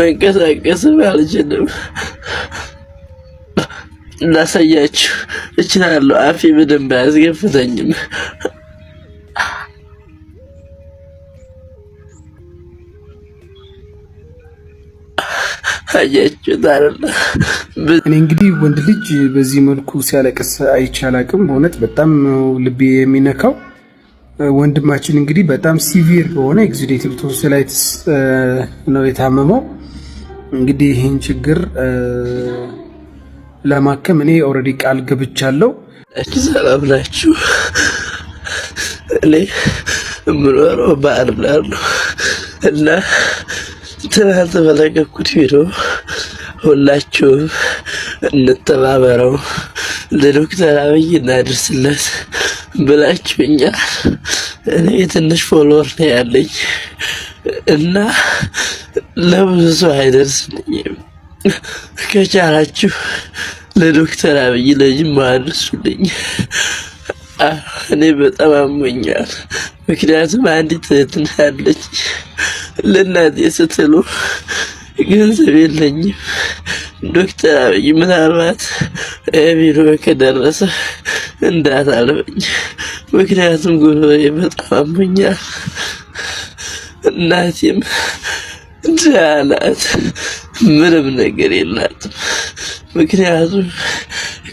መንቀሳቀስም አልችልም። እናሳያችሁ እችላለሁ። አፌ ምንም አያስገፍተኝም። እኔ እንግዲህ ወንድ ልጅ በዚህ መልኩ ሲያለቅስ አይቻላቅም። በእውነት በጣም ልቤ የሚነካው ወንድማችን እንግዲህ በጣም ሲቪር በሆነ ኤግዙዴቲቭ ቶንሲላይትስ ነው የታመመው። እንግዲህ ይህን ችግር ለማከም እኔ ኦልሬዲ ቃል ገብቻለሁ። ሰላም ናችሁ? እኔ የምኖረው ባህር ዳር ነው እና ትናንት በለቀኩት ቪዲዮ ሁላችሁም እንተባበረው ለዶክተር አብይ እናድርስለት ብላችሁኛል። እኔ ትንሽ ፎሎወር ነው ያለኝ እና ለብዙ ሰው አይደርስልኝም። ከቻላችሁ ለዶክተር አብይ ለጅማ አድርሱልኝ። እኔ በጣም አሞኛል። ምክንያቱም አንዲት እህትን ያለች ለእናቴ ስትሉ ገንዘብ የለኝም። ዶክተር አብይ ምናልባት ቢሮ ከደረሰ እንዳታልፈኝ፣ ምክንያቱም ጉሮሮዬ በጣም አሞኛል። እናቴም ድሃ ናት፣ ምንም ነገር የላትም። ምክንያቱም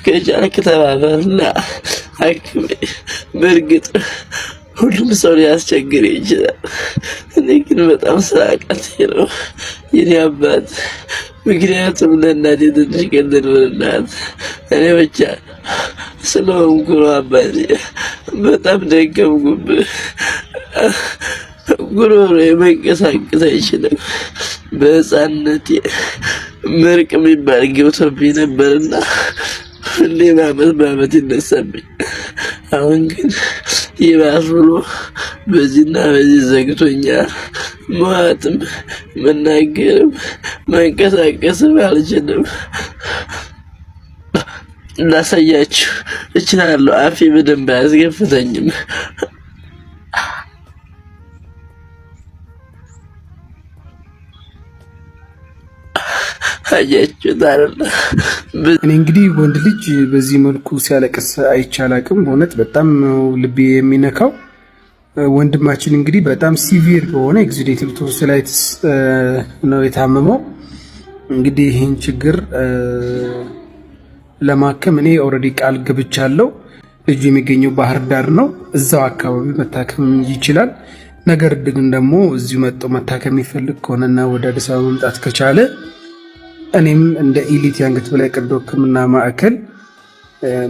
ከቻልክ ተባበርና አክሜ። በእርግጥ ሁሉም ሰው ሊያስቸግር ይችላል። እኔ ግን በጣም ስራ ነው የኔ አባት ምክንያቱም ለእናቴ ትንሽ ቀልድ ብርናት እኔ ብቻ ስለሆንኩ ነው። አባቴ በጣም ደከምኩብህ። ጉሮሮ የመንቀሳቀስ አይችልም። በሕፃንነቴ ምርቅ የሚባል ገብቶብኝ ነበርና ሁሌ በአመት በአመት ይነሳብኝ። አሁን ግን ይባስ ብሎ በዚህና በዚህ ዘግቶኛል። መዋጥም መናገርም መንቀሳቀስም አልችልም። እናሳያችሁ እችላለሁ። አፌ በደንብ አያስገፍተኝም። እኔ እንግዲህ ወንድ ልጅ በዚህ መልኩ ሲያለቅስ አይቻል አቅም በእውነት በጣም ልቤ የሚነካው ወንድማችን እንግዲህ በጣም ሲቪር በሆነ ኤግዚዴቲቭ ቶንሲላይትስ ነው የታመመው። እንግዲህ ይህን ችግር ለማከም እኔ ኦልሬዲ ቃል ገብቻለሁ። ልጁ የሚገኘው ባህር ዳር ነው። እዛው አካባቢ መታከም ይችላል። ነገር ግን ደግሞ እዚሁ መጥቶ መታከም የሚፈልግ ከሆነና ወደ አዲስ አበባ መምጣት ከቻለ እኔም እንደ ኢሊት የአንገት በላይ ቀዶ ሕክምና ማዕከል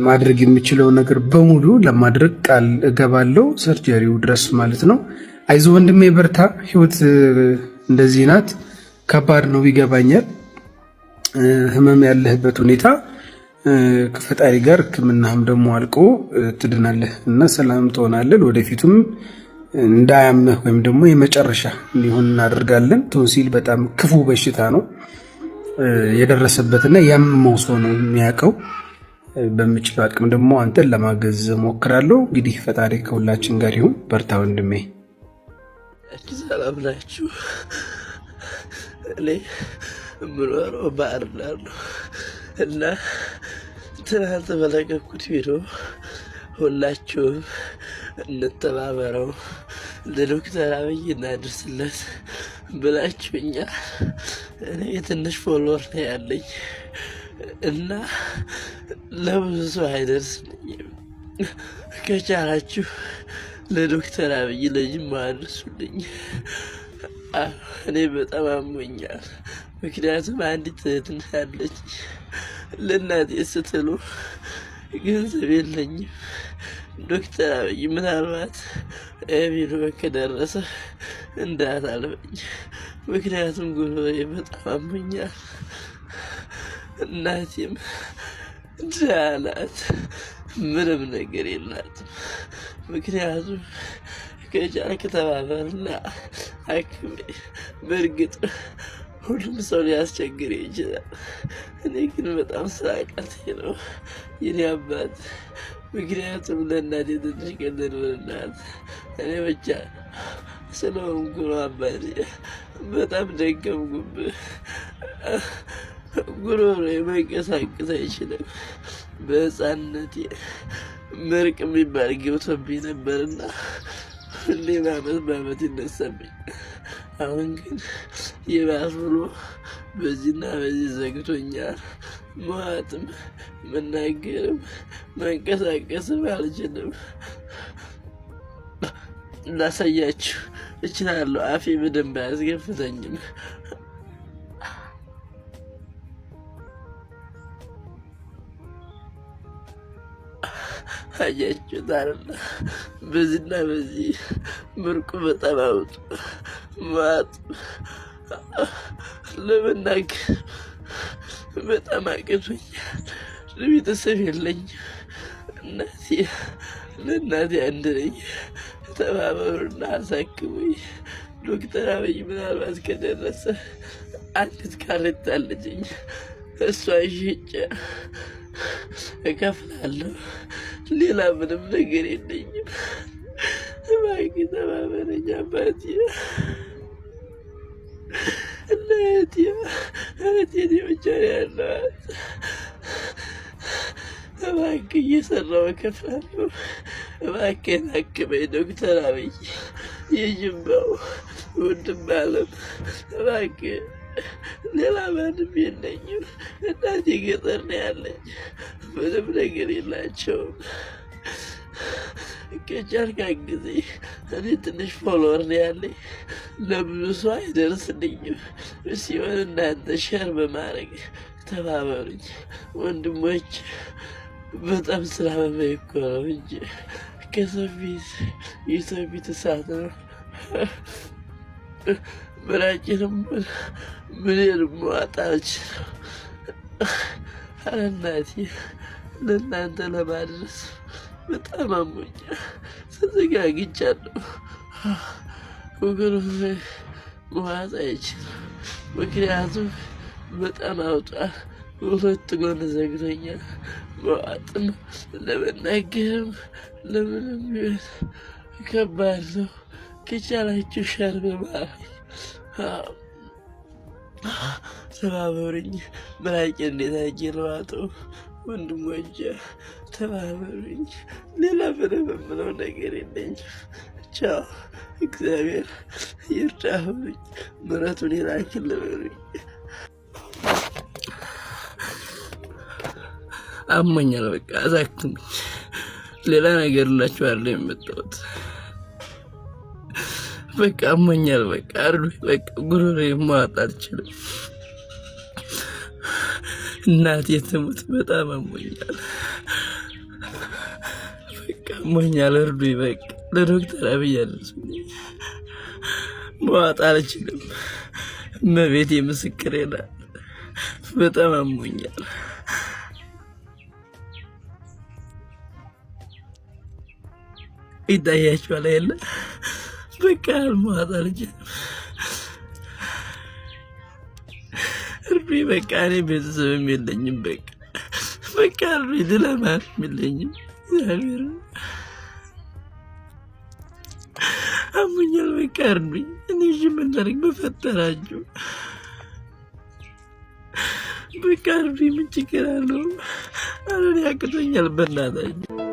ማድረግ የምችለው ነገር በሙሉ ለማድረግ ቃል እገባለሁ፣ ሰርጀሪው ድረስ ማለት ነው። አይዞ ወንድሜ በርታ። ህይወት እንደዚህ ናት። ከባድ ነው ይገባኛል። ህመም ያለህበት ሁኔታ ከፈጣሪ ጋር ህክምናህም ደግሞ አልቆ ትድናለህ እና ሰላም ትሆናለህ። ወደፊቱም እንዳያምህ ወይም ደግሞ የመጨረሻ ሊሆን እናደርጋለን። ቶንሲል በጣም ክፉ በሽታ ነው። የደረሰበትና ያመመው ሰው ነው የሚያውቀው። በምችለው አቅም ደግሞ አንተን ለማገዝ ሞክራለሁ። እንግዲህ ፈጣሪ ከሁላችን ጋር ይሁን። በርታ ወንድሜ። ሰላም ናችሁ? እኔ የምኖረው ባህር ዳር ነው እና ትናንት በለቀኩት ቪዲዮ ሁላችሁም እንተባበረው ለዶክተር አብይ እናድርስለት ብላችሁኛ። እኔ ትንሽ ፎሎወር ነው ያለኝ እና ለብዙ ሰው አይደርስልኝም። ከቻላችሁ ለዶክተር አብይ ለጅማ አድርሱልኝ። እኔ በጣም አሞኛል። ምክንያቱም አንዲት እህት አለች። ለእናቴ ስትሉ ገንዘብ የለኝም። ዶክተር አብይ ምናልባት ኤቢሉ ከደረሰ እንዳታልበኝ፣ ምክንያቱም ጉሎ በጣም አሞኛል። እናቴም ጃላት ምንም ነገር የላትም። ምክንያቱም ከቻልክ ተባበርና አክሜ። በእርግጥ ሁሉም ሰው ሊያስቸግር ይችላል። እኔ ግን በጣም ስላቃተኝ ነው የኔ አባት። ምክንያቱም ለእናቴ ትንሽ ቀለል ብልናት እኔ ብቻ ስለሆንኩ ነው አባቴ። በጣም ደገምኩብህ። ጉሮሮ መንቀሳቀስ አይችልም። በህፃንነቴ መርቅ የሚባል ገብቶብኝ ነበርና ሁሌ አመት በአመት ይነሳብኝ። አሁን ግን የባስ ብሎ በዚህና በዚህ ዘግቶኛል። መዋጥም መናገርም መንቀሳቀስም አልችልም። ላሳያችሁ እችላለሁ። አፌ በደንብ አያስገፍተኝም። አያችሁት አይደል? በዚህና በዚህ ምርቁ በጣም አውጡ ማጡ ለመናገር በጣም አቅቶኛል። ለቤተሰብ የለኝም። እናቴ ለእናቴ አንድ ነኝ። ተባበሩና አሳክሙኝ። ዶክተር አብይ ምናልባት ከደረሰ አንዲት ካሬታ አለችኝ። እሷ ሽጬ እከፍላለሁ። ሌላ ምንም ነገር የለኝም። እባክህ ተባበረኝ አባቴ እና እህቴ እኔ ብቻ ነው ያለኋት። እባክህ እየሰራሁ እከፍላለሁ። እባክህ ታክመኝ ዶክተር አብይ የጅባው ወንድም አለም እባክህ ሌላ ማንም የለኝም። እናቴ ገጠር ነው ያለች፣ ምንም ነገር የላቸውም። ከቻል ጊዜ እኔ ትንሽ ፎሎወር ነው ያለኝ። ለብዙ ሰው አይደርስልኝም ሲሆን እናንተ ሸር በማድረግ ተባበሩኝ ወንድሞች። በጣም ስራ እኮ ነው እንጂ ከሰው ፊት የሰው ፊት እሳት ነው። ምራቄንም ምኔንም ማወጣ አልችልም። ኧረ እናቴ ለእናንተ ለማድረስ በጣም አሞኛ ተዘጋግቻለሁ። ወገኖች መዋጥ አይችልም፣ ምክንያቱም በጣም አውጧል። ሁለት ጎን ዘግቶኛል። መዋጥም ለመናገርም ለምንም ቢሆን ከባድ ነው። ከቻላችሁ ሸር በማለት ተባበሩኝ። መላቄ እንዴት አጌ ለዋጠው ወንድሞቼ ተባበሩኝ። ሌላ ምንም የምለው ነገር የለኝ። ቻው። እግዚአብሔር ይርዳ በሉኝ። ምሕረቱን ይላክል በሉኝ። አሞኛል። በቃ አዛክሙኝ። ሌላ ነገር ላችሁ አለ የመጣሁት በቃ አሞኛል። በቃ አርዱ በቃ ጉሮሬ ማወጣ አልችልም። እናቴ ትሙት፣ በጣም አሞኛል። በቃ አሞኛል። እርዱ በቃ ለዶክተር አብይ አለች አልችልም። እመቤቴ ምስክሬ ናት። በጣም አሞኛል። ይታያችኋል የለ በቃ አልሟት አልቻልም። እርቤ በቃ እኔ ቤተሰብም የለኝም። በቃ በቃ እርቤ ድለማል የለኝም። እግዚአብሔር አሙኛል። በቃ እኔ በፈጠራችሁ በቃ ምን ችግር አለው? አረን በእናታችሁ